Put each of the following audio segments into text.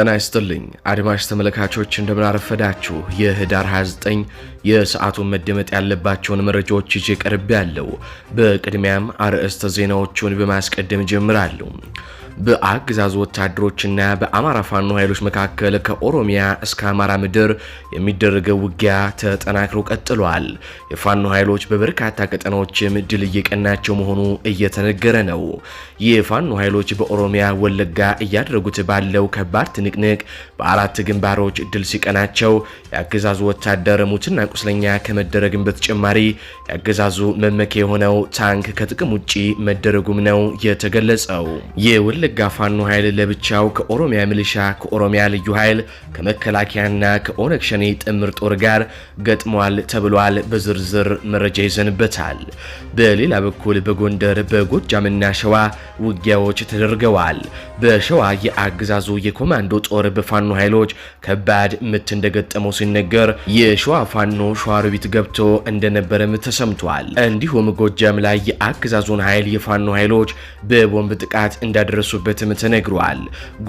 ጤና ይስጥልኝ አድማጭ ተመልካቾች፣ እንደምናረፈዳችሁ የህዳር 29 የሰዓቱን መደመጥ ያለባቸውን መረጃዎች ይዤ ቀርቤ ያለው። በቅድሚያም አርዕስተ ዜናዎቹን በማስቀደም ጀምራለሁ። በአገዛዙ ወታደሮችና በአማራ ፋኖ ኃይሎች መካከል ከኦሮሚያ እስከ አማራ ምድር የሚደረገው ውጊያ ተጠናክሮ ቀጥሏል። የፋኖ ኃይሎች በበርካታ ቀጠናዎችም ድል እየቀናቸው መሆኑ እየተነገረ ነው። የፋኖ ኃይሎች በኦሮሚያ ወለጋ እያደረጉት ባለው ከባድ ትንቅንቅ በአራት ግንባሮች ድል ሲቀናቸው የአገዛዙ ወታደር ሙትና ቁስለኛ ከመደረግም በተጨማሪ የአገዛዙ መመኪያ የሆነው ታንክ ከጥቅም ውጪ መደረጉም ነው የተገለጸው። የወለጋ ፋኖ ኃይል ለብቻው ከኦሮሚያ ሚሊሻ፣ ከኦሮሚያ ልዩ ኃይል፣ ከመከላከያና ከኦነግ ሸኔ ጥምር ጦር ጋር ገጥሟል ተብሏል። በዝርዝር መረጃ ይዘንበታል። በሌላ በኩል በጎንደር በጎጃምና ሸዋ ውጊያዎች ተደርገዋል። በሸዋ የአገዛዙ የኮማንዶ ጦር በፋኖ ፋኖ ኃይሎች ከባድ ምት እንደገጠመው ሲነገር የሸዋ ፋኖ ሸዋሮቢት ገብቶ እንደነበረም ተሰምቷል። እንዲሁም ጎጃም ላይ የአገዛዙን ኃይል የፋኖ ኃይሎች በቦምብ ጥቃት እንዳደረሱበትም ተነግሯል።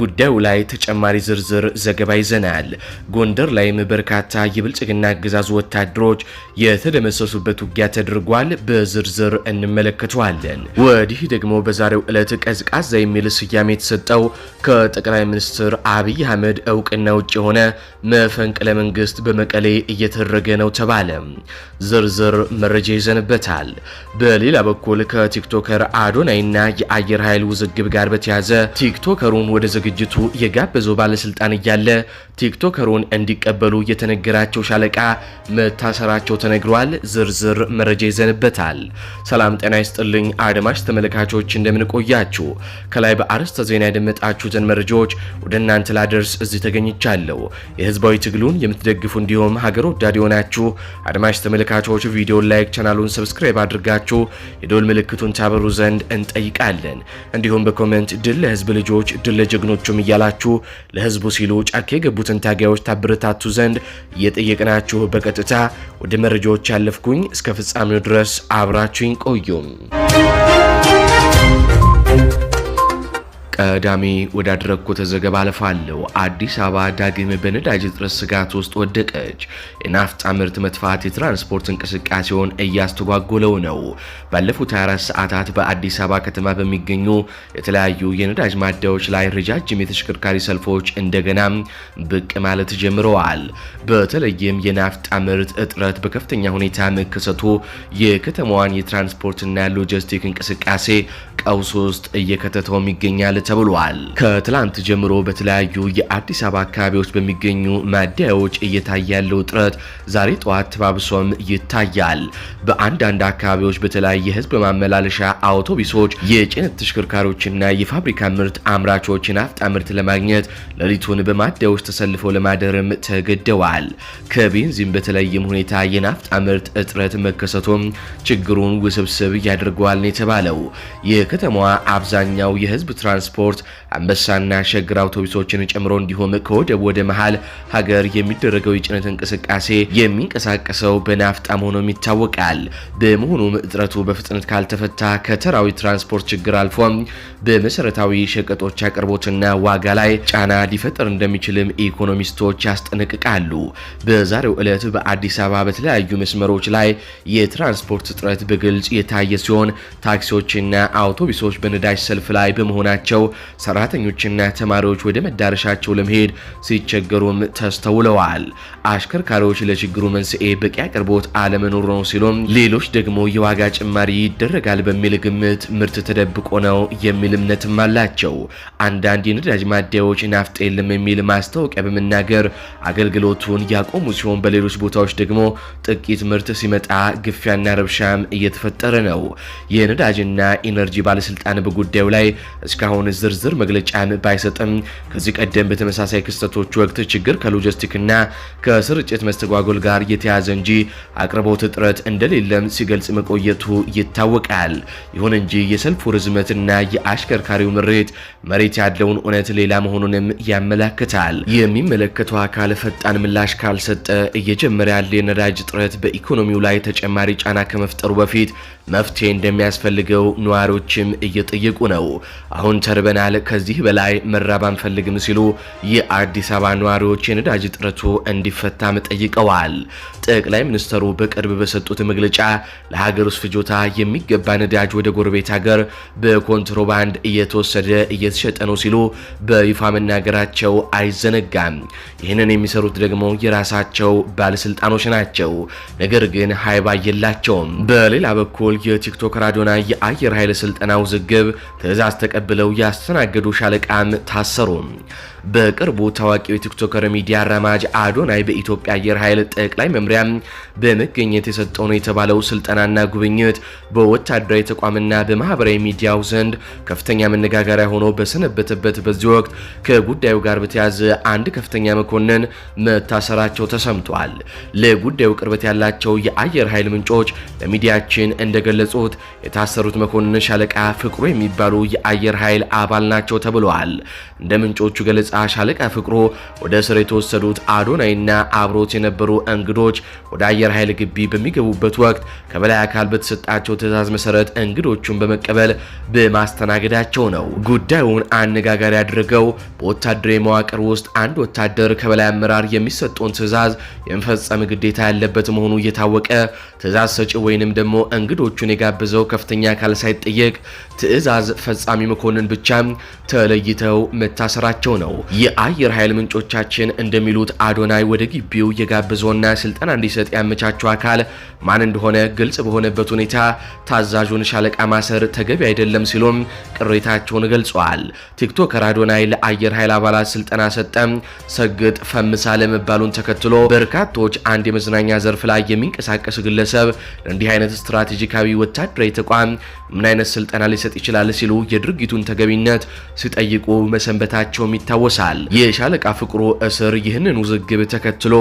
ጉዳዩ ላይ ተጨማሪ ዝርዝር ዘገባ ይዘናል። ጎንደር ላይም በርካታ የብልጽግና አገዛዙ ወታደሮች የተደመሰሱበት ውጊያ ተደርጓል። በዝርዝር እንመለከተዋለን። ወዲህ ደግሞ በዛሬው ዕለት ቀዝቃዛ የሚል ስያሜ የተሰጠው ከጠቅላይ ሚኒስትር አብይ አህመድ እውቅና ውጭ የሆነ መፈንቅለ መንግስት በመቀሌ እየተደረገ ነው ተባለ። ዝርዝር መረጃ ይዘንበታል። በሌላ በኩል ከቲክቶከር አዶናይና የአየር ኃይል ውዝግብ ጋር በተያዘ ቲክቶከሩን ወደ ዝግጅቱ የጋበዘው ባለስልጣን እያለ ቲክቶከሩን እንዲቀበሉ የተነገራቸው ሻለቃ መታሰራቸው ተነግሯል። ዝርዝር መረጃ ይዘንበታል። ሰላም ጤና ይስጥልኝ አድማጭ ተመልካቾች እንደምንቆያችሁ ከላይ በአርዕስተ ዜና የደመጣችሁትን መረጃዎች ወደ እናንተ ላደርስ እዚ እዚህ ተገኝቻለሁ። የህዝባዊ ትግሉን የምትደግፉ እንዲሁም ሀገር ወዳድ የሆናችሁ አድማጭ ተመልካቾች ቪዲዮን ላይክ፣ ቻናሉን ሰብስክራይብ አድርጋችሁ የዶል ምልክቱን ታበሩ ዘንድ እንጠይቃለን። እንዲሁም በኮሜንት ድል ለህዝብ ልጆች፣ ድል ለጀግኖቹም እያላችሁ ለህዝቡ ሲሉ ጫካ የገቡትን ታጋዮች ታበረታቱ ዘንድ እየጠየቅናችሁ በቀጥታ ወደ መረጃዎች ያለፍኩኝ። እስከ ፍጻሜው ድረስ አብራችሁኝ ቆዩም። ቀዳሜ ወዳደረግኩት ዘገባ አልፋለሁ። አዲስ አበባ ዳግም በነዳጅ እጥረት ስጋት ውስጥ ወደቀች። የናፍጣ ምርት መጥፋት የትራንስፖርት እንቅስቃሴውን እያስተጓጎለው ነው። ባለፉት 24 ሰዓታት በአዲስ አበባ ከተማ በሚገኙ የተለያዩ የነዳጅ ማደያዎች ላይ ረጃጅም የተሽከርካሪ ሰልፎች እንደገና ብቅ ማለት ጀምረዋል። በተለይም የናፍጣ ምርት እጥረት በከፍተኛ ሁኔታ መከሰቱ የከተማዋን የትራንስፖርትና ሎጂስቲክ እንቅስቃሴ ቀውስ ውስጥ እየከተተውም ይገኛል ተብሏል። ከትላንት ጀምሮ በተለያዩ የአዲስ አበባ አካባቢዎች በሚገኙ ማደያዎች እየታየ ያለው ውጥረት ዛሬ ጠዋት ተባብሶም ይታያል። በአንዳንድ አካባቢዎች በተለያየ የህዝብ ማመላለሻ አውቶቡሶች፣ የጭነት ተሽከርካሪዎችና የፋብሪካ ምርት አምራቾች ናፍጣ ምርት ለማግኘት ሌሊቱን በማደያዎች ተሰልፈው ለማደርም ተገደዋል። ከቤንዚን በተለይም ሁኔታ የናፍጣ ምርት እጥረት መከሰቱም ችግሩን ውስብስብ ያደርገዋል ነው የተባለው። የከተማዋ አብዛኛው የህዝብ ትራንስፖርት ትራንስፖርት አንበሳና ሸግር አውቶቡሶችን ጨምሮ እንዲሁም ከወደብ ወደ መሀል ሀገር የሚደረገው የጭነት እንቅስቃሴ የሚንቀሳቀሰው በናፍጣ መሆኑም ይታወቃል። በመሆኑም እጥረቱ በፍጥነት ካልተፈታ ከተራዊ ትራንስፖርት ችግር አልፎም በመሰረታዊ ሸቀጦች አቅርቦትና ዋጋ ላይ ጫና ሊፈጠር እንደሚችልም ኢኮኖሚስቶች ያስጠነቅቃሉ። በዛሬው ዕለት በአዲስ አበባ በተለያዩ መስመሮች ላይ የትራንስፖርት እጥረት በግልጽ የታየ ሲሆን ታክሲዎችና አውቶቡሶች በነዳጅ ሰልፍ ላይ በመሆናቸው ሰራተኞችና ተማሪዎች ወደ መዳረሻቸው ለመሄድ ሲቸገሩም ተስተውለዋል። አሽከርካሪዎች ለችግሩ መንስኤ በቂ አቅርቦት አለመኖር ነው ሲሉም፣ ሌሎች ደግሞ የዋጋ ጭማሪ ይደረጋል በሚል ግምት ምርት ተደብቆ ነው የሚል እምነትም አላቸው። አንዳንድ የነዳጅ ማደያዎች ናፍጥ የለም የሚል ማስታወቂያ በመናገር አገልግሎቱን ያቆሙ ሲሆን፣ በሌሎች ቦታዎች ደግሞ ጥቂት ምርት ሲመጣ ግፊያና ረብሻም እየተፈጠረ ነው። የነዳጅና ኢነርጂ ባለስልጣን በጉዳዩ ላይ እስካሁን ዝርዝር መግለጫን ባይሰጥም ከዚህ ቀደም በተመሳሳይ ክስተቶች ወቅት ችግር ከሎጂስቲክና ከስርጭት መስተጓጎል ጋር የተያዘ እንጂ አቅርቦት እጥረት እንደሌለም ሲገልጽ መቆየቱ ይታወቃል። ይሁን እንጂ የሰልፉ ርዝመትና የአሽከርካሪው ምሬት መሬት ያለውን እውነት ሌላ መሆኑንም ያመላክታል። የሚመለከተው አካል ፈጣን ምላሽ ካልሰጠ እየጀመረ ያለ የነዳጅ እጥረት በኢኮኖሚው ላይ ተጨማሪ ጫና ከመፍጠሩ በፊት መፍትሄ እንደሚያስፈልገው ነዋሪዎችም እየጠየቁ ነው። አሁን ተርበ ተገድበናል፣ ከዚህ በላይ መራብ አንፈልግም ሲሉ የአዲስ አበባ ነዋሪዎች የነዳጅ እጥረቱ እንዲፈታም ጠይቀዋል። ጠቅላይ ሚኒስተሩ በቅርብ በሰጡት መግለጫ ለሀገር ውስጥ ፍጆታ የሚገባ ነዳጅ ወደ ጎረቤት ሀገር በኮንትሮባንድ እየተወሰደ እየተሸጠ ነው ሲሉ በይፋ መናገራቸው አይዘነጋም። ይህንን የሚሰሩት ደግሞ የራሳቸው ባለስልጣኖች ናቸው። ነገር ግን ሀይባ የላቸውም። በሌላ በኩል የቲክቶክ ራዲዮና የአየር ኃይል ስልጠና ውዝግብ ትዕዛዝ ተቀብለው ያስተናገዱ ሻለቃም ታሰሩ። በቅርቡ ታዋቂው የቲክቶከር ሚዲያ አራማጅ አዶናይ በኢትዮጵያ አየር ኃይል ጠቅላይ መምሪያ በመገኘት የሰጠው ነው የተባለው ስልጠናና ጉብኝት በወታደራዊ ተቋምና በማህበራዊ ሚዲያው ዘንድ ከፍተኛ መነጋገሪያ ሆኖ በሰነበተበት በዚህ ወቅት ከጉዳዩ ጋር በተያያዘ አንድ ከፍተኛ መኮንን መታሰራቸው ተሰምቷል። ለጉዳዩ ቅርበት ያላቸው የአየር ኃይል ምንጮች ለሚዲያችን እንደገለጹት የታሰሩት መኮንን ሻለቃ ፍቅሩ የሚባሉ የአየር ኃይል አባል ናቸው ተብለዋል። እንደ ምንጮቹ ገለጻ ሻለቃ ፍቅሩ ወደ እስር የተወሰዱት አዶናይና አብሮት የነበሩ እንግዶች ወደ አየር ኃይል ግቢ በሚገቡበት ወቅት ከበላይ አካል በተሰጣቸው ትዕዛዝ መሰረት እንግዶቹን በመቀበል በማስተናገዳቸው ነው። ጉዳዩን አነጋጋሪ ያደረገው በወታደራዊ መዋቅር ውስጥ አንድ ወታደር ከበላይ አመራር የሚሰጠውን ትዕዛዝ የመፈጸም ግዴታ ያለበት መሆኑ እየታወቀ ትዕዛዝ ሰጪ ወይንም ደግሞ እንግዶቹን የጋበዘው ከፍተኛ አካል ሳይጠየቅ ትዕዛዝ ፈጻሚ መኮንን ብቻ ብቻ ተለይተው መታሰራቸው ነው። የአየር ኃይል ምንጮቻችን እንደሚሉት አዶናይ ወደ ግቢው የጋብዘውና ስልጠና እንዲሰጥ ያመቻቸው አካል ማን እንደሆነ ግልጽ በሆነበት ሁኔታ ታዛዡን ሻለቃ ማሰር ተገቢ አይደለም ሲሉም ቅሬታቸውን ገልጸዋል። ቲክቶከር አዶናይ ለአየር ኃይል አባላት ስልጠና ሰጠም ሰግጥ ፈምሳ ለመባሉን ተከትሎ በርካቶች አንድ የመዝናኛ ዘርፍ ላይ የሚንቀሳቀስ ግለሰብ ለእንዲህ አይነት ስትራቴጂካዊ ወታደራዊ ተቋም ምን አይነት ስልጠና ሊሰጥ ይችላል ሲሉ የድርጊቱን ተገቢ ግንኙነት ሲጠይቁ መሰንበታቸውም ይታወሳል። የሻለቃ ፍቅሩ እስር ይህንን ውዝግብ ተከትሎ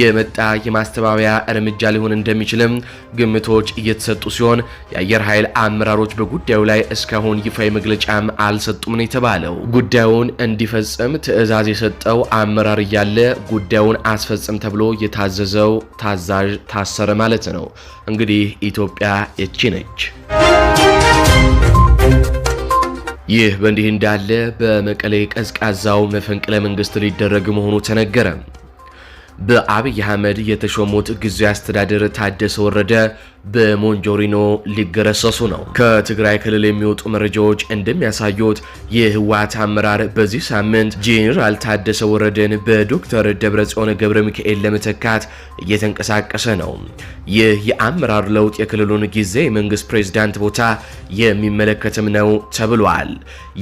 የመጣ የማስተባበያ እርምጃ ሊሆን እንደሚችልም ግምቶች እየተሰጡ ሲሆን የአየር ኃይል አመራሮች በጉዳዩ ላይ እስካሁን ይፋዊ መግለጫም አልሰጡም ነው የተባለው። ጉዳዩን እንዲፈጽም ትዕዛዝ የሰጠው አመራር እያለ ጉዳዩን አስፈጽም ተብሎ የታዘዘው ታዛዥ ታሰረ ማለት ነው። እንግዲህ ኢትዮጵያ ይቺ ነች። ይህ በእንዲህ እንዳለ በመቀሌ ቀዝቃዛው መፈንቅለ መንግስት ሊደረግ መሆኑ ተነገረ። በአብይ አህመድ የተሾሙት ጊዜያዊ አስተዳደር ታደሰ ወረደ በሞንጆሪኖ ሊገረሰሱ ነው። ከትግራይ ክልል የሚወጡ መረጃዎች እንደሚያሳዩት የህወሓት አመራር በዚህ ሳምንት ጄኔራል ታደሰ ወረደን በዶክተር ደብረጽዮን ገብረ ሚካኤል ለመተካት እየተንቀሳቀሰ ነው። ይህ የአመራር ለውጥ የክልሉን ጊዜ የመንግስት ፕሬዝዳንት ቦታ የሚመለከትም ነው ተብሏል።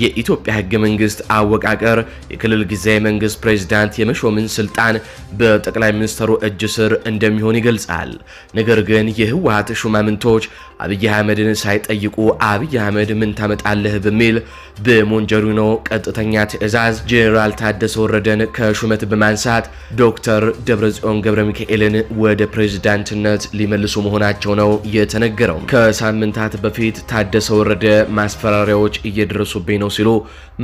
የኢትዮጵያ ህገ መንግስት አወቃቀር የክልል ጊዜ የመንግስት ፕሬዝዳንት የመሾምን ስልጣን በጠቅላይ ሚኒስትሩ እጅ ስር እንደሚሆን ይገልጻል። ነገር ግን የህወሓት ሹማምንቶች አብይ አህመድን ሳይጠይቁ አብይ አህመድ ምን ታመጣለህ በሚል በሞንጀሪኖ ቀጥተኛ ትዕዛዝ ጄኔራል ታደሰ ወረደን ከሹመት በማንሳት ዶክተር ደብረጽዮን ገብረ ሚካኤልን ወደ ፕሬዝዳንትነት ሊመልሱ መሆናቸው ነው የተነገረው። ከሳምንታት በፊት ታደሰ ወረደ ማስፈራሪያዎች እየደረሱብኝ ነው ሲሉ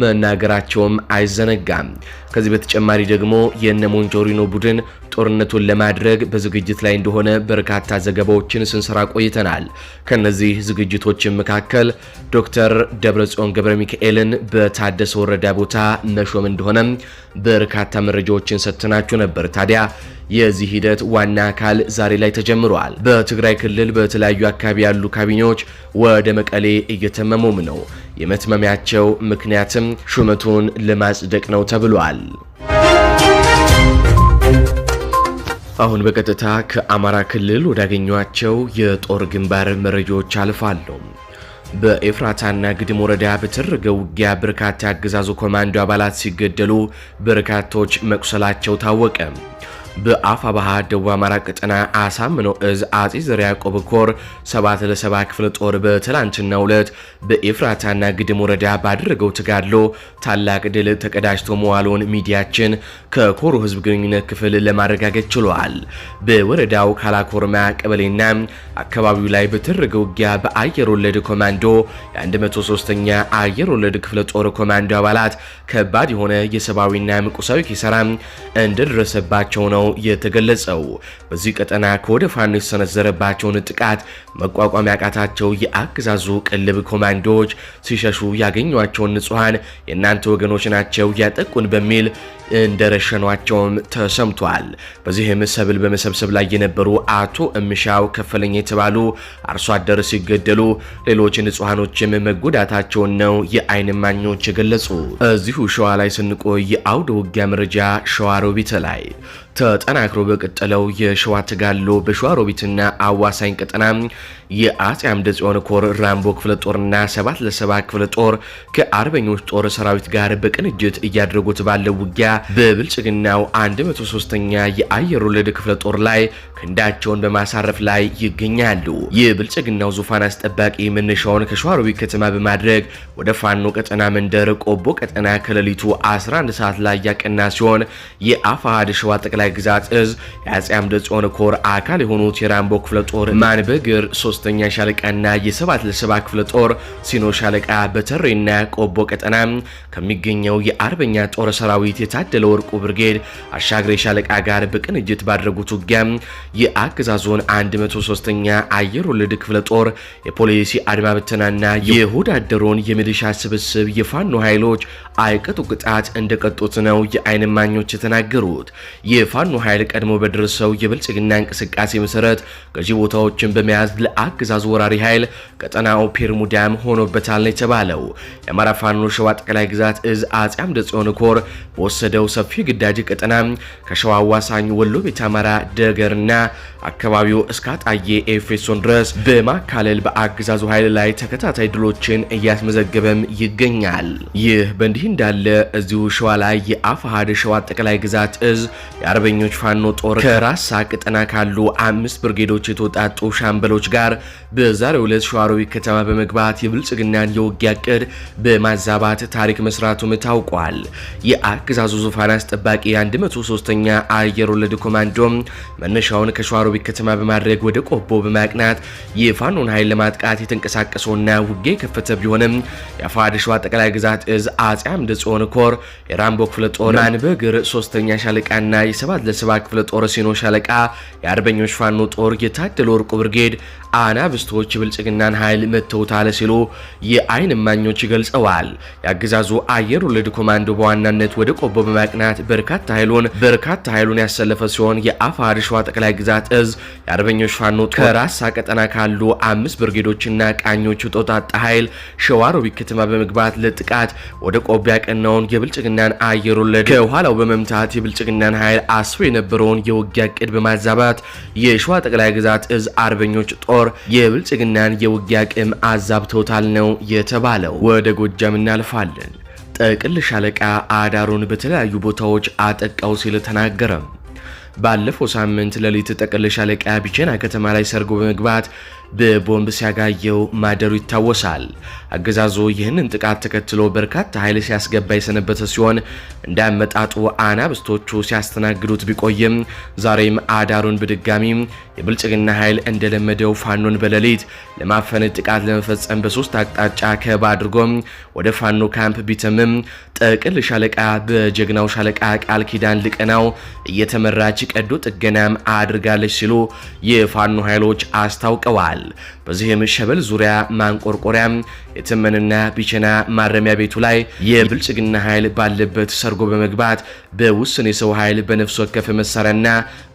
መናገራቸውም አይዘነጋም። ከዚህ በተጨማሪ ደግሞ የነ ሞንጆሪኖ ቡድን ጦርነቱን ለማድረግ በዝግጅት ላይ እንደሆነ በርካታ ዘገባዎችን ስንሰራ ቆይተናል። ከነዚህ ዝግጅቶች መካከል ዶክተር ደብረጽዮን ገብረ ሚካኤልን በታደሰ ወረዳ ቦታ መሾም እንደሆነም በርካታ መረጃዎችን ሰጥተናችሁ ነበር። ታዲያ የዚህ ሂደት ዋና አካል ዛሬ ላይ ተጀምረዋል። በትግራይ ክልል በተለያዩ አካባቢ ያሉ ካቢኔዎች ወደ መቀሌ እየተመሙም ነው። የመትመሚያቸው ምክንያትም ሹመቱን ለማጽደቅ ነው ተብሏል። አሁን በቀጥታ ከአማራ ክልል ወዳገኟቸው የጦር ግንባር መረጃዎች አልፋለሁ። በኤፍራታና ግድም ወረዳ በተደረገው ውጊያ በርካታ የአገዛዙ ኮማንዶ አባላት ሲገደሉ በርካቶች መቁሰላቸው ታወቀ። በአፋ ባህ ደቡብ አማራ ቀጠና አሳምነው እዝ አጼ ዘርዓ ያዕቆብ ኮር 7 ለ7 ክፍለ ጦር በትላንትናው ዕለት በኤፍራታና ግድም ወረዳ ባደረገው ተጋድሎ ታላቅ ድል ተቀዳጅቶ መዋሉን ሚዲያችን ከኮሩ ህዝብ ግንኙነት ክፍል ለማረጋገጥ ችሏል። በወረዳው ካላኮርማ ቀበሌና አካባቢው ላይ በተደረገው ውጊያ በአየር ወለድ ኮማንዶ የ103ኛ አየር ወለድ ክፍለ ጦር ኮማንዶ አባላት ከባድ የሆነ የሰብአዊና ምቁሳዊ ኪሳራ እንደደረሰባቸው ነው ነው የተገለጸው። በዚህ ቀጠና ከወደ ፋኖ የተሰነዘረባቸውን ጥቃት መቋቋም ያቃታቸው የአገዛዙ ቅልብ ኮማንዶዎች ሲሸሹ ያገኟቸውን ንጹሐን የእናንተ ወገኖች ናቸው ያጠቁን በሚል እንደረሸኗቸውም ተሰምቷል። በዚህም ሰብል በመሰብሰብ ላይ የነበሩ አቶ እምሻው ከፈለኝ የተባሉ አርሶ አደር ሲገደሉ ሌሎች ንጹሐኖችም መጎዳታቸውን ነው የአይን ማኞች የገለጹ። እዚሁ ሸዋ ላይ ስንቆይ አውደ ውጊያ መረጃ ሸዋሮቢት ላይ ተጠናክሮ በቀጠለው የሸዋ ተጋድሎ በሸዋሮቢትና አዋሳኝ ቀጠና የአጼ አምደ ጽዮን ኮር ራምቦ ክፍለ ጦርና ሰባት ለሰባ ክፍለ ጦር ከአርበኞች ጦር ሰራዊት ጋር በቅንጅት እያደረጉት ባለው ውጊያ በብልጽግናው 103ኛ የአየር ወለድ ክፍለ ጦር ላይ ክንዳቸውን በማሳረፍ ላይ ይገኛሉ። የብልጽግናው ዙፋን አስጠባቂ መነሻውን ከሸዋሮቢት ከተማ በማድረግ ወደ ፋኖ ቀጠና መንደር ቆቦ ቀጠና ከሌሊቱ 11 ሰዓት ላይ ያቀና ሲሆን የአፋሃድ ሸዋ ጠቅላይ ግዛት እዝ የአጼ አምደ ጽዮን ኮር አካል የሆኑት የራምቦ ክፍለ ጦር ማንበግር ሶስተኛ ሻለቃና የሰባት ለሰባ ክፍለ ጦር ሲኖ ሻለቃ በተሬና ቆቦ ቀጠና ከሚገኘው የአርበኛ ጦር ሰራዊት የታደለ ወርቁ ብርጌድ አሻግሬ ሻለቃ ጋር በቅንጅት ባድረጉት ውጊያ የአገዛዞን 103ኛ አየር ወለድ ክፍለ ጦር የፖሊሲ አድማ ብተናና የሆድ አደሩን የሚሊሻ ስብስብ የፋኖ ኃይሎች አይቀጡ ቅጣት እንደቀጡት ነው የአይን ማኞች የተናገሩት። የፋኖ ኃይል ቀድሞ በደረሰው የብልጽግና እንቅስቃሴ መሰረት ገዢ ቦታዎችን በመያዝ ለአገዛዙ ወራሪ ኃይል ቀጠናው ፔርሙዳም ሆኖበታል ነው የተባለው። የአማራ ፋኖ ሸዋ ጠቅላይ ግዛት እዝ አጼ አምደ ጽዮን ኮር በወሰደው ሰፊ ግዳጅ ቀጠና ከሸዋ አዋሳኝ ወሎ ቤት አማራ ደገርና አካባቢው እስከ አጣዬ ኤፌሶን ድረስ በማካለል በአገዛዙ ኃይል ላይ ተከታታይ ድሎችን እያስመዘገበም ይገኛል። ይህ በእንዲህ እንዳለ እዚሁ ሸዋ ላይ የአፋሃድ ሸዋ ጠቅላይ ግዛት እዝ የአርበኞች ፋኖ ጦር ከራሳ ቅጠና ካሉ አምስት ብርጌዶች የተውጣጡ ሻምበሎች ጋር በዛሬው ዕለት ሸዋሮቢት ከተማ በመግባት የብልጽግናን የውጊያ እቅድ በማዛባት ታሪክ መስራቱም ታውቋል። የአገዛዙ ዙፋን አስጠባቂ 103ኛ አየር ወለድ ኮማንዶም መነሻውን ከሸዋሮቢት ከተማ በማድረግ ወደ ቆቦ በማቅናት የፋኖን ኃይል ለማጥቃት የተንቀሳቀሰውና ውጊያ የከፈተ ቢሆንም የአፋድ ሸዋ ጠቅላይ ግዛት እዝ አጼ አምደ ጽዮን ኮር የራምቦ ክፍለ ጦር ማንበግር ሶስተኛ ሻለቃና የሰ ሰባት ለሰባ ክፍለ ጦር ሲኖ ሻለቃ የአርበኞች ፋኖ ጦር የታደለ ወርቁ ብርጌድ አናብስቶች ብልጽግናን ኃይል መተውታል ሲሉ የአይን እማኞች ገልጸዋል። የአገዛዙ አየር ወለድ ኮማንዶ በዋናነት ወደ ቆቦ በማቅናት በርካታ ኃይሉን በርካታ ኃይሉን ያሰለፈ ሲሆን የአፋር ሸዋ ጠቅላይ ግዛት እዝ የአርበኞች ፋኖ ከራሳ ቀጠና ካሉ አምስት ብርጌዶችና ቃኞች የተውጣጣ ኃይል ሸዋሮቢት ከተማ በመግባት ለጥቃት ወደ ቆቦ ያቀናውን የብልጽግናን አየር ወለድ ከኋላው በመምታት የብልጽግናን ኃይል አስሮ የነበረውን የውጊያ እቅድ በማዛባት የሸዋ ጠቅላይ ግዛት እዝ አርበኞች ጦር የብልጽግናን የውጊያ አቅም አዛብተውታል ነው የተባለው። ወደ ጎጃም እናልፋለን። ጠቅል ሻለቃ አዳሩን በተለያዩ ቦታዎች አጠቃው ሲል ተናገረም። ባለፈው ሳምንት ሌሊት ጠቅል ሻለቃ ቢቸና ከተማ ላይ ሰርጎ በመግባት በቦምብ ሲያጋየው ማደሩ ይታወሳል። አገዛዙ ይህንን ጥቃት ተከትሎ በርካታ ኃይል ሲያስገባ የሰነበተ ሲሆን እንዳመጣጡ አናብስቶቹ ሲያስተናግዱት ቢቆይም ዛሬም አዳሩን በድጋሚ የብልጽግና ኃይል እንደለመደው ፋኖን በሌሊት ለማፈነድ ጥቃት ለመፈጸም በሶስት አቅጣጫ ከብ አድርጎም ወደ ፋኖ ካምፕ ቢተምም ጥቅል ሻለቃ በጀግናው ሻለቃ ቃል ኪዳን ልቀናው እየተመራች ቀዶ ጥገናም አድርጋለች ሲሉ የፋኖ ኃይሎች አስታውቀዋል። final በዚህም ሸበል ዙሪያ ማንቆርቆሪያ፣ የተመንና ቢቸና ማረሚያ ቤቱ ላይ የብልጽግና ኃይል ባለበት ሰርጎ በመግባት በውስን የሰው ኃይል በነፍስ ወከፍ መሳሪያና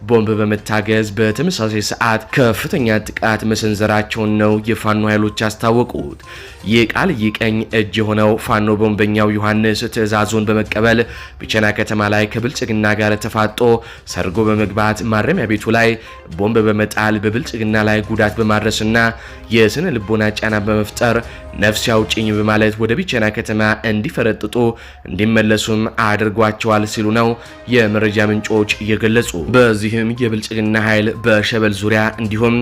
ቦምብ በመታገዝ በተመሳሳይ ሰዓት ከፍተኛ ጥቃት መሰንዘራቸውን ነው የፋኖ ኃይሎች ያስታወቁት። የቃል ይቀኝ እጅ የሆነው ፋኖ ቦምበኛው ዮሐንስ ትዕዛዙን በመቀበል ቢቸና ከተማ ላይ ከብልጽግና ጋር ተፋጦ ሰርጎ በመግባት ማረሚያ ቤቱ ላይ ቦምብ በመጣል በብልጽግና ላይ ጉዳት በማድረስና የስነ ልቦና ጫና በመፍጠር ነፍስ ያውጭኝ በማለት ወደ ቢቸና ከተማ እንዲፈረጥጡ እንዲመለሱም አድርጓቸዋል ሲሉ ነው የመረጃ ምንጮች እየገለጹ በዚህም የብልጽግና ኃይል በሸበል ዙሪያ እንዲሁም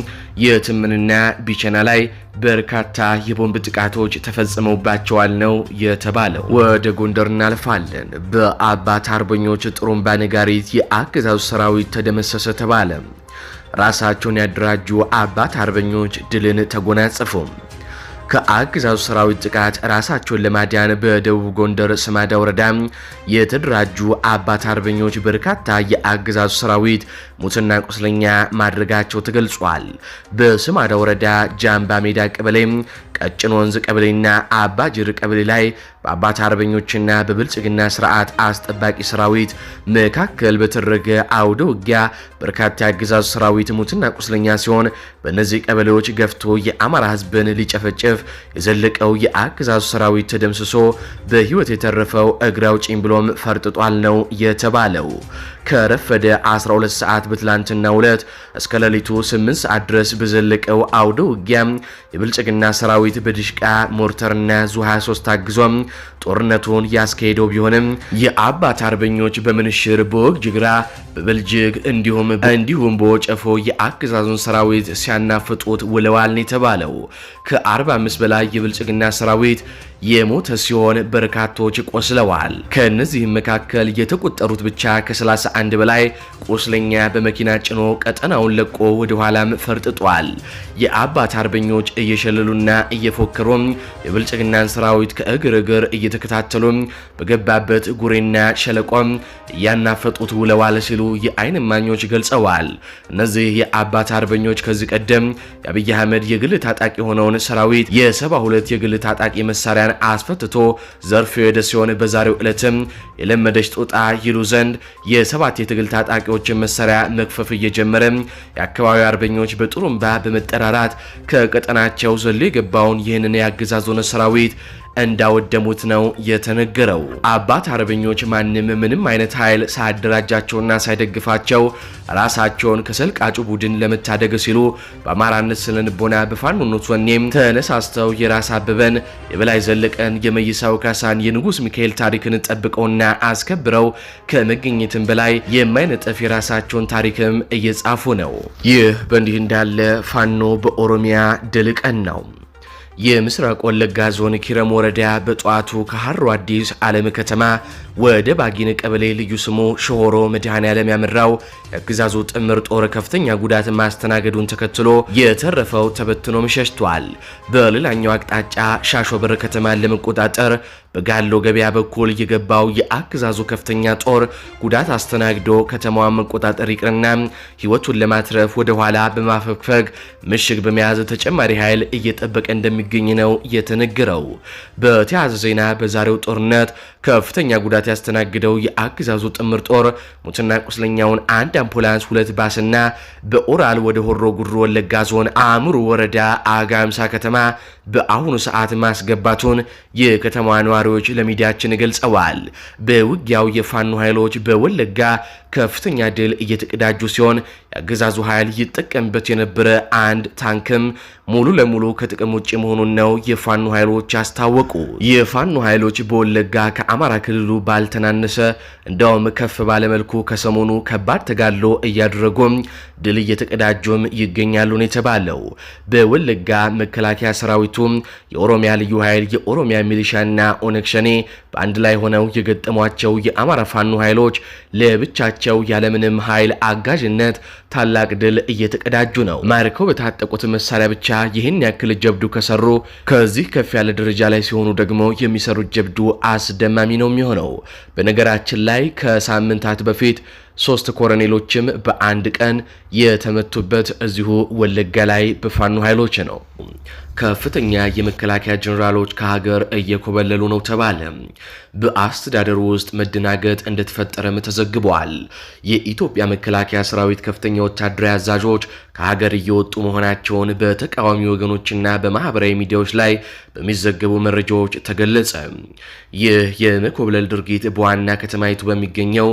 የትምንና ቢቸና ላይ በርካታ የቦምብ ጥቃቶች ተፈጽመውባቸዋል ነው የተባለው። ወደ ጎንደር እናልፋለን። በአባት አርበኞች ጥሩምባ ነጋሪት የአገዛዙ ሰራዊት ተደመሰሰ ተባለ። ራሳቸውን ያደራጁ አባት አርበኞች ድልን ተጎናጸፉ። ከአገዛዙ ሰራዊት ጥቃት ራሳቸውን ለማዳን በደቡብ ጎንደር ስማዳ ወረዳ የተደራጁ አባት አርበኞች በርካታ የአገዛዙ ሰራዊት ሙትና ቁስለኛ ማድረጋቸው ተገልጿል። በስማዳ ወረዳ ጃምባ ሜዳ ቀበሌ፣ ቀጭን ወንዝ ቀበሌና አባጅር ቀበሌ ላይ በአባት አርበኞችና በብልጽግና ስርዓት አስጠባቂ ሰራዊት መካከል በተደረገ አውደ ውጊያ በርካታ የአገዛዙ ሰራዊት ሙትና ቁስለኛ ሲሆን በእነዚህ ቀበሌዎች ገፍቶ የአማራ ህዝብን ሊጨፈጭፍ የዘለቀው የአገዛዙ ሰራዊት ተደምስሶ በህይወት የተረፈው እግረ አውጪኝ ብሎም ፈርጥጧል ነው የተባለው። ከረፈደ 12 ሰዓት በትላንትናው ዕለት እስከ ሌሊቱ 8 ሰዓት ድረስ በዘለቀው አውደ ውጊያ የብልጽግና ሰራዊት በድሽቃ ሞርተርና ዙ 23 ታግዞም ጦርነቱን ያስካሄደው ቢሆንም የአባት አርበኞች በምንሽር በወግ ጅግራ በበልጅግ እንዲሁም እንዲሁም በወጨፎ የአገዛዙን ሰራዊት ሲያናፍጡት ውለዋል የተባለው ከ45 ከ በላይ የብልጽግና ሰራዊት የሞተ ሲሆን በርካቶች ቆስለዋል። ከእነዚህም መካከል የተቆጠሩት ብቻ ከ31 በላይ ቁስለኛ በመኪና ጭኖ ቀጠናውን ለቆ ወደ ኋላም ፈርጥጧል። የአባት አርበኞች እየሸለሉና እየፎከሩም የብልጽግናን ሰራዊት ከእግር እግር እየተከታተሉ በገባበት ጉሬና ሸለቆም እያናፈጡት ውለዋል ሲሉ የአይን እማኞች ገልጸዋል። እነዚህ የአባት አርበኞች ከዚህ ቀደም የአብይ አህመድ የግል ታጣቂ የሆነውን ሰራዊት የሰባ ሁለት የግል ታጣቂ መሳሪያን አስፈትቶ ዘርፎ የሄደ ሲሆን በዛሬው ዕለትም የለመደች ጦጣ ይሉ ዘንድ የሰባት የትግል ታጣቂዎችን መሳሪያ መክፈፍ እየጀመረ የአካባቢው አርበኞች በጥሩምባ በመጠራራት ከቀጠናቸው ዘሎ የገባውን ይህንን የአገዛዙን ሰራዊት እንዳወደሙት ነው የተነገረው። አባት አርበኞች ማንም ምንም አይነት ኃይል ሳያደራጃቸውና ሳይደግፋቸው ራሳቸውን ከሰልቃጩ ቡድን ለመታደግ ሲሉ በአማራነት ስለንቦና በፋኖነት ወኔም ተነሳስተው የራስ አበበን፣ የበላይ ዘለቀን፣ የመይሳው ካሳን፣ የንጉስ ሚካኤል ታሪክን ጠብቀውና አስከብረው ከመገኘትም በላይ የማይነጠፍ የራሳቸውን ታሪክም እየጻፉ ነው። ይህ በእንዲህ እንዳለ ፋኖ በኦሮሚያ ድል ቀን ነው። የምስራቅ ወለጋ ዞን ኪረም ወረዳ በጠዋቱ ከሐሮ አዲስ ዓለም ከተማ ወደ ባጊን ቀበሌ ልዩ ስሙ ሸሆሮ መድኃኔ ዓለም ያመራው የአገዛዙ ጥምር ጦር ከፍተኛ ጉዳት ማስተናገዱን ተከትሎ የተረፈው ተበትኖም ሸሽቷል። በሌላኛው አቅጣጫ ሻሾበር ከተማን ለመቆጣጠር በጋሎ ገበያ በኩል የገባው የአገዛዙ ከፍተኛ ጦር ጉዳት አስተናግዶ ከተማዋን መቆጣጠር ይቅርና ህይወቱን ለማትረፍ ወደ ኋላ በማፈግፈግ ምሽግ በመያዝ ተጨማሪ ኃይል እየጠበቀ እንደሚገኝ ነው የተነገረው። በተያያዘ ዜና በዛሬው ጦርነት ከፍተኛ ጉዳት ያስተናግደው የአገዛዙ ጥምር ጦር ሙትና ቁስለኛውን አንድ አምቡላንስ፣ ሁለት ባስና በኦራል ወደ ሆሮ ጉድሩ ወለጋ ዞን አእምሩ ወረዳ አጋምሳ ከተማ በአሁኑ ሰዓት ማስገባቱን የከተማዋ ነዋሪዎች ለሚዲያችን ገልጸዋል። በውጊያው የፋኖ ኃይሎች በወለጋ ከፍተኛ ድል እየተቀዳጁ ሲሆን የአገዛዙ ኃይል ይጠቀምበት የነበረ አንድ ታንክም ሙሉ ለሙሉ ከጥቅም ውጭ መሆኑን ነው የፋኖ ኃይሎች አስታወቁ። የፋኖ ኃይሎች በወለጋ ከአማራ ክልሉ ባልተናነሰ እንዲያውም ከፍ ባለመልኩ ከሰሞኑ ከባድ ተጋድሎ እያደረጉም ድል እየተቀዳጁም ይገኛሉ ነው የተባለው። በወለጋ መከላከያ ሰራዊቱ፣ የኦሮሚያ ልዩ ኃይል፣ የኦሮሚያ ሚሊሻና ኦነግ ሸኔ በአንድ ላይ ሆነው የገጠሟቸው የአማራ ፋኖ ኃይሎች ለብቻቸው ያለምንም ኃይል አጋዥነት ታላቅ ድል እየተቀዳጁ ነው። ማርከው በታጠቁት መሳሪያ ብቻ ይህን ያክል ጀብዱ ከሰሩ ከዚህ ከፍ ያለ ደረጃ ላይ ሲሆኑ ደግሞ የሚሰሩት ጀብዱ አስደማሚ ነው የሚሆነው። በነገራችን ላይ ከሳምንታት በፊት ሶስት ኮረኔሎችም በአንድ ቀን የተመቱበት እዚሁ ወለጋ ላይ በፋኖ ኃይሎች ነው። ከፍተኛ የመከላከያ ጀኔራሎች ከሀገር እየኮበለሉ ነው ተባለ። በአስተዳደሩ ውስጥ መደናገጥ እንደተፈጠረም ተዘግበዋል። የኢትዮጵያ መከላከያ ሰራዊት ከፍተኛ ወታደራዊ አዛዦች ከሀገር እየወጡ መሆናቸውን በተቃዋሚ ወገኖችና በማህበራዊ ሚዲያዎች ላይ በሚዘገቡ መረጃዎች ተገለጸ። ይህ የመኮብለል ድርጊት በዋና ከተማይቱ በሚገኘው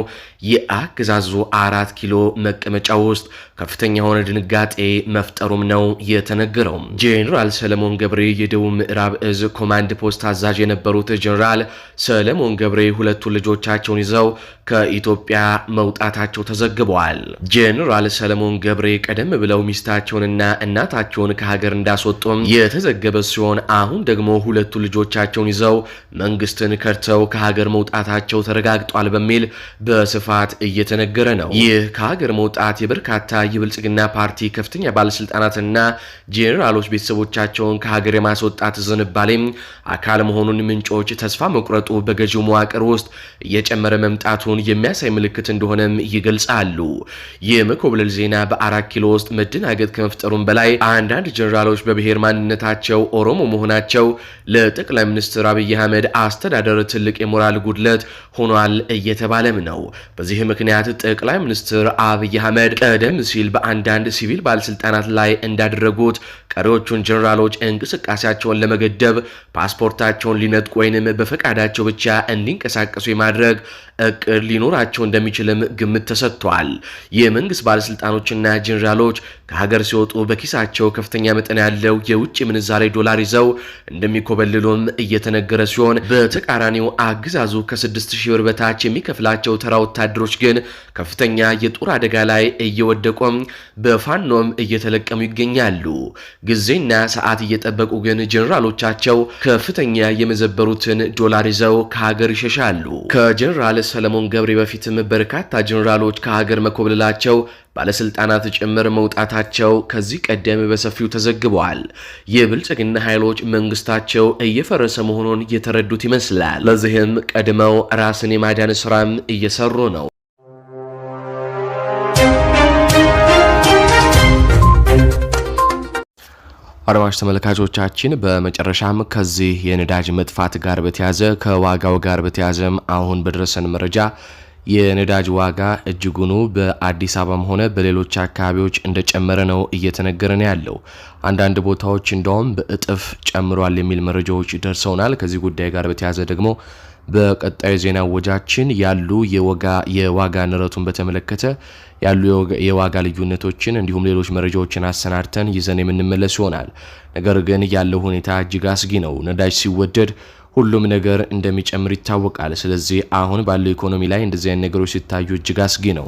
የአገዛ አገዛዙ አራት ኪሎ መቀመጫ ውስጥ ከፍተኛ የሆነ ድንጋጤ መፍጠሩም ነው የተነገረው። ጄኔራል ሰለሞን ገብሬ የደቡብ ምዕራብ እዝ ኮማንድ ፖስት አዛዥ የነበሩት ጄኔራል ሰለሞን ገብሬ ሁለቱን ልጆቻቸውን ይዘው ከኢትዮጵያ መውጣታቸው ተዘግበዋል። ጄኔራል ሰለሞን ገብሬ ቀደም ብለው ሚስታቸውንና እናታቸውን ከሀገር እንዳስወጡም የተዘገበ ሲሆን አሁን ደግሞ ሁለቱ ልጆቻቸውን ይዘው መንግስትን ከድተው ከሀገር መውጣታቸው ተረጋግጧል በሚል በስፋት እየተነገረ ነው። ይህ ከሀገር መውጣት የበርካታ የብልጽግና ፓርቲ ከፍተኛ ባለስልጣናትና ጄኔራሎች ቤተሰቦቻቸውን ከሀገር የማስወጣት ዝንባሌም አካል መሆኑን ምንጮች ተስፋ መቁረጡ በገዢው መዋቅር ውስጥ እየጨመረ መምጣቱን የሚያሳይ ምልክት እንደሆነም ይገልጻሉ። የመኮብለል ዜና በአራት ኪሎ ውስጥ መደናገጥ ከመፍጠሩም በላይ አንዳንድ ጄኔራሎች በብሔር ማንነታቸው ኦሮሞ መሆናቸው ለጠቅላይ ሚኒስትር አብይ አህመድ አስተዳደር ትልቅ የሞራል ጉድለት ሆኗል እየተባለም ነው። በዚህ ምክንያት ጠቅላይ ሚኒስትር አብይ አህመድ ቀደም ሲል ሲል በአንዳንድ ሲቪል ባለስልጣናት ላይ እንዳደረጉት ቀሪዎቹን ጀኔራሎች እንቅስቃሴያቸውን ለመገደብ ፓስፖርታቸውን ሊነጥቁ ወይንም በፈቃዳቸው ብቻ እንዲንቀሳቀሱ የማድረግ እቅድ ሊኖራቸው እንደሚችልም ግምት ተሰጥቷል። የመንግስት ባለስልጣኖችና ጀኔራሎች ከሀገር ሲወጡ በኪሳቸው ከፍተኛ መጠን ያለው የውጭ ምንዛሬ ዶላር ይዘው እንደሚኮበልሉም እየተነገረ ሲሆን በተቃራኒው አገዛዙ ከ6000 ብር በታች የሚከፍላቸው ተራ ወታደሮች ግን ከፍተኛ የጦር አደጋ ላይ እየወደቁ በመቋቋም በፋኖም እየተለቀሙ ይገኛሉ። ጊዜና ሰዓት እየጠበቁ ግን ጀኔራሎቻቸው ከፍተኛ የመዘበሩትን ዶላር ይዘው ከሀገር ይሸሻሉ። ከጀኔራል ሰለሞን ገብሬ በፊትም በርካታ ጀኔራሎች ከሀገር መኮብለላቸው ባለስልጣናት ጭምር መውጣታቸው ከዚህ ቀደም በሰፊው ተዘግበዋል። የብልጽግና ኃይሎች መንግስታቸው እየፈረሰ መሆኑን የተረዱት ይመስላል። ለዚህም ቀድመው ራስን የማዳን ስራም እየሰሩ ነው። አድማጭ ተመልካቾቻችን በመጨረሻም ከዚህ የነዳጅ መጥፋት ጋር በተያዘ ከዋጋው ጋር በተያዘም አሁን በደረሰን መረጃ የነዳጅ ዋጋ እጅጉኑ በአዲስ አበባም ሆነ በሌሎች አካባቢዎች እንደጨመረ ነው እየተነገረን ያለው። አንዳንድ ቦታዎች እንደውም በእጥፍ ጨምሯል የሚል መረጃዎች ደርሰውናል። ከዚህ ጉዳይ ጋር በተያዘ ደግሞ በቀጣዩ ዜና ወጃችን ያሉ የዋጋ ንረቱን በተመለከተ ያሉ የዋጋ ልዩነቶችን እንዲሁም ሌሎች መረጃዎችን አሰናድተን ይዘን የምንመለስ ይሆናል። ነገር ግን ያለው ሁኔታ እጅግ አስጊ ነው። ነዳጅ ሲወደድ ሁሉም ነገር እንደሚጨምር ይታወቃል። ስለዚህ አሁን ባለው ኢኮኖሚ ላይ እንደዚህ አይነት ነገሮች ሲታዩ እጅግ አስጊ ነው።